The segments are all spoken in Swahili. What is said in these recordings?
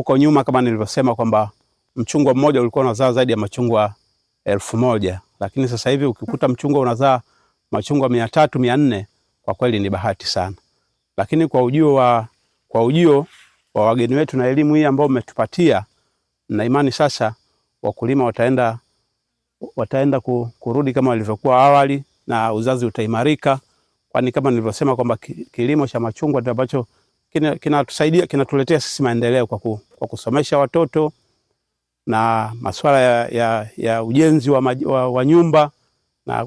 huko nyuma kama nilivyosema kwamba mchungwa mmoja ulikuwa unazaa zaidi ya machungwa elfu moja lakini sasa hivi ukikuta mchungwa unazaa machungwa mia tatu mia nne kwa kweli ni bahati sana. Lakini kwa ujio wa, kwa ujio wa wageni wetu na elimu hii ambayo umetupatia na imani sasa wakulima wataenda, wataenda kurudi kama walivyokuwa awali na uzazi utaimarika, kwani kama nilivyosema kwamba kilimo cha machungwa ndio ambacho kinatusaidia kinatuletea sisi maendeleo kwa ku wa kusomesha watoto na masuala ya, ya, ya ujenzi wa, wa, wa nyumba na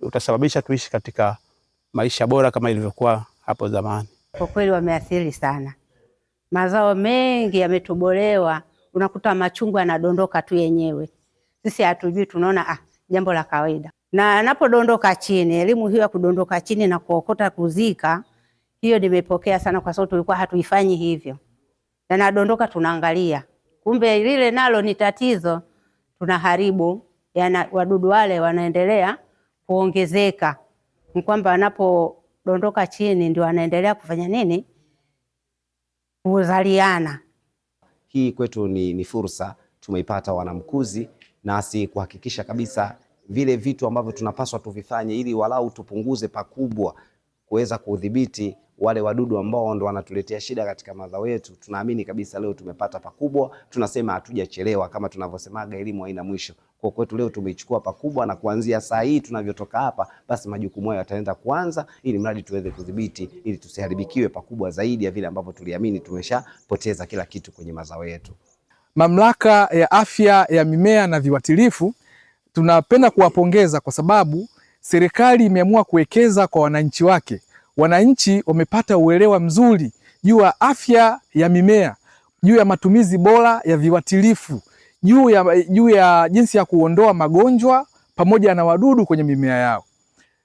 utasababisha tuishi katika maisha bora kama ilivyokuwa hapo zamani. Kwa kweli wameathiri sana, mazao mengi yametobolewa, unakuta machungwa yanadondoka tu yenyewe, sisi hatujui, tunaona ah, jambo la kawaida. Na anapodondoka chini, elimu hiyo ya kudondoka chini na kuokota kuzika, hiyo nimepokea sana, kwa sababu tulikuwa hatuifanyi hivyo yanadondoka, tunaangalia, kumbe lile nalo ni tatizo, tunaharibu yana, wadudu wale wanaendelea kuongezeka, ni kwamba wanapodondoka chini ndio wanaendelea kufanya nini, kuzaliana. Hii kwetu ni, ni fursa tumeipata wanamkuzi, nasi kuhakikisha kabisa vile vitu ambavyo tunapaswa tuvifanye ili walau tupunguze pakubwa kuweza kudhibiti wale wadudu ambao ndo wanatuletea shida katika mazao yetu. Tunaamini kabisa leo tumepata pakubwa, tunasema hatujachelewa kama tunavyosemaga elimu haina mwisho. Kwa kwetu leo tumeichukua pakubwa, na kuanzia saa hii tunavyotoka hapa, basi majukumu hayo yataenda kuanza, ili mradi tuweze kudhibiti, ili tusiharibikiwe pakubwa zaidi ya vile ambavyo tuliamini. Tumeshapoteza kila kitu kwenye mazao yetu. Mamlaka ya Afya ya Mimea na Viuatilifu tunapenda kuwapongeza kwa sababu serikali imeamua kuwekeza kwa wananchi wake wananchi wamepata uelewa mzuri juu ya afya ya mimea, juu ya matumizi bora ya viwatilifu juu ya, juu ya jinsi ya kuondoa magonjwa pamoja na wadudu kwenye mimea yao.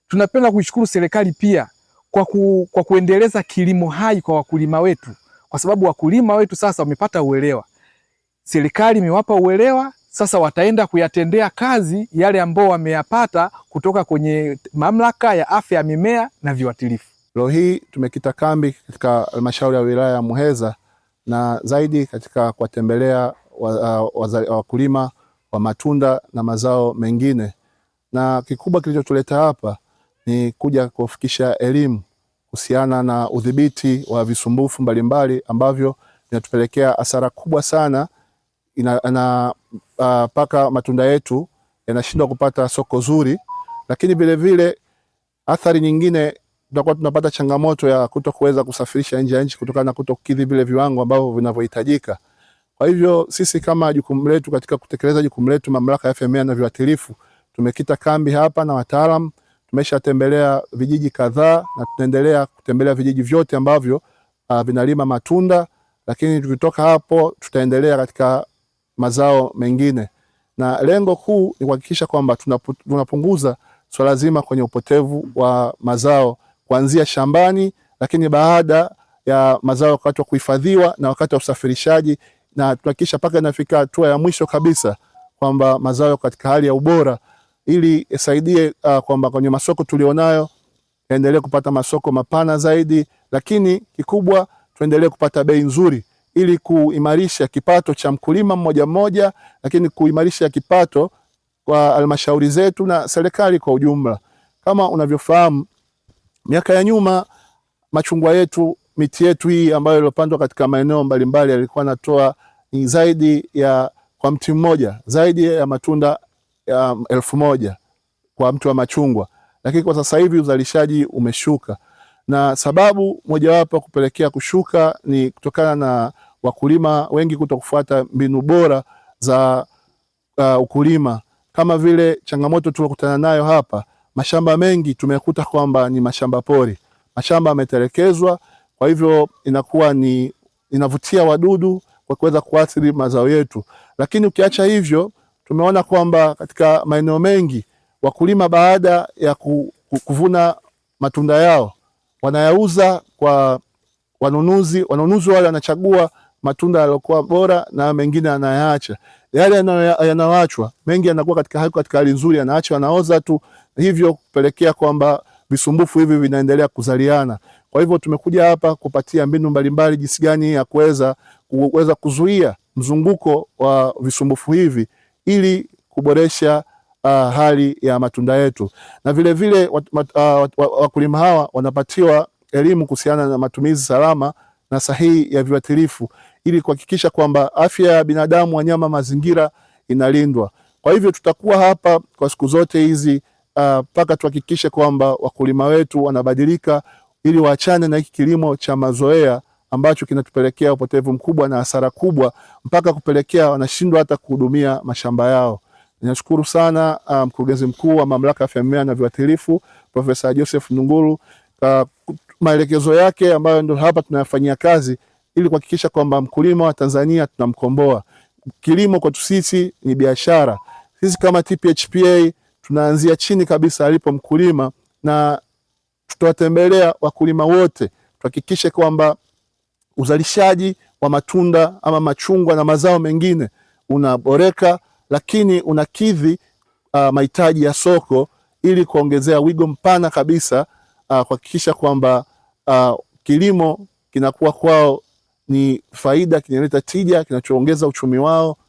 Tunapenda kuishukuru serikali pia kwa, ku, kwa kuendeleza kilimo hai kwa wakulima wetu, kwa sababu wakulima wetu sasa wamepata uelewa. Serikali imewapa uelewa sasa, wataenda kuyatendea kazi yale ambao wameyapata kutoka kwenye mamlaka ya afya ya mimea na viuatilifu. Leo hii tumekita kambi katika halmashauri ya wilaya ya Muheza na zaidi katika kuwatembelea wakulima wa, wa, wa matunda na mazao mengine, na kikubwa kilichotuleta hapa ni kuja kufikisha elimu kuhusiana na udhibiti wa visumbufu mbalimbali ambavyo vinatupelekea hasara kubwa sana ina, na mpaka paka matunda yetu yanashindwa kupata soko zuri, lakini vilevile athari nyingine tutakuwa tunapata changamoto ya kuto kuweza kusafirisha nje ya nchi kutokana na kuto kukidhi vile viwango ambavyo vinavyohitajika. Kwa hivyo sisi kama jukumu letu katika kutekeleza jukumu letu, mamlaka ya FMA na viuatilifu, tumekita kambi hapa na wataalam, tumeshatembelea vijiji kadhaa na tunaendelea kutembelea vijiji vyote ambavyo uh, vinalima matunda, lakini tukitoka hapo tutaendelea katika mazao mengine, na lengo kuu ni kuhakikisha kwamba tunapunguza swala zima kwenye upotevu wa mazao kuanzia shambani, lakini baada ya mazao wakati wa kuhifadhiwa na wakati wa usafirishaji, na tunahakikisha mpaka inafika hatua ya mwisho kabisa kwamba mazao yako katika hali ya ubora, ili isaidie uh, kwamba kwenye masoko tulionayo endelee kupata masoko mapana zaidi, lakini kikubwa tuendelee kupata bei nzuri ili kuimarisha kipato cha mkulima mmoja mmoja, lakini kuimarisha kipato kwa halmashauri zetu na serikali kwa ujumla. Kama unavyofahamu Miaka ya nyuma machungwa yetu, miti yetu hii ambayo iliyopandwa katika maeneo mbalimbali yalikuwa natoa ni zaidi ya kwa mti mmoja zaidi ya matunda ya elfu moja kwa mti wa machungwa, lakini kwa sasa hivi uzalishaji umeshuka, na sababu mojawapo kupelekea kushuka ni kutokana na wakulima wengi kuto kufuata mbinu bora za uh, ukulima kama vile changamoto tuliokutana nayo hapa mashamba mengi tumekuta kwamba ni mashamba pori, mashamba yametelekezwa. Kwa hivyo inakuwa ni inavutia wadudu kwa kuweza kuathiri mazao yetu, lakini ukiacha hivyo, tumeona kwamba katika maeneo mengi wakulima baada ya kuvuna matunda yao wanayauza kwa wanunuzi. Wanunuzi wale wanachagua matunda yaliokuwa bora na mengine anayaacha yale yanayoachwa mengi yanakuwa katika hali katika hali nzuri, yanaachwa yanaoza tu, hivyo kupelekea kwamba visumbufu hivi vinaendelea kuzaliana. Kwa hivyo tumekuja hapa kupatia mbinu mbalimbali jinsi gani ya kuweza kuweza kuzuia mzunguko wa visumbufu hivi ili kuboresha uh, hali ya matunda yetu, na vilevile ah, wakulima vile, uh, hawa wanapatiwa elimu kuhusiana na matumizi salama na sahihi ya viuatilifu ili kuhakikisha kwamba afya ya binadamu, wanyama, mazingira inalindwa. Kwa hivyo tutakuwa hapa kwa siku zote hizi uh, mpaka uh, tuhakikishe kwamba wakulima wetu wanabadilika ili waachane na hiki kilimo cha mazoea ambacho kinatupelekea upotevu mkubwa na hasara kubwa mpaka kupelekea wanashindwa hata kuhudumia mashamba yao. Ninashukuru sana uh, mkurugenzi um, mkuu wa Mamlaka ya Afya Mimea na Viuatilifu Profesa Joseph Ndunguru kwa uh, maelekezo yake ambayo ndio hapa tunayafanyia kazi ili kuhakikisha kwamba mkulima wa Tanzania tunamkomboa. Kilimo kwetu sisi ni biashara. Sisi kama TPHPA tunaanzia chini kabisa alipo mkulima, na tutawatembelea wakulima wote tuhakikishe kwamba uzalishaji wa matunda ama machungwa na mazao mengine unaboreka, lakini unakidhi uh, mahitaji ya soko ili kuongezea wigo mpana kabisa uh, kuhakikisha kwamba uh, kilimo kinakuwa kwao ni faida, kinaleta tija, kinachoongeza uchumi wao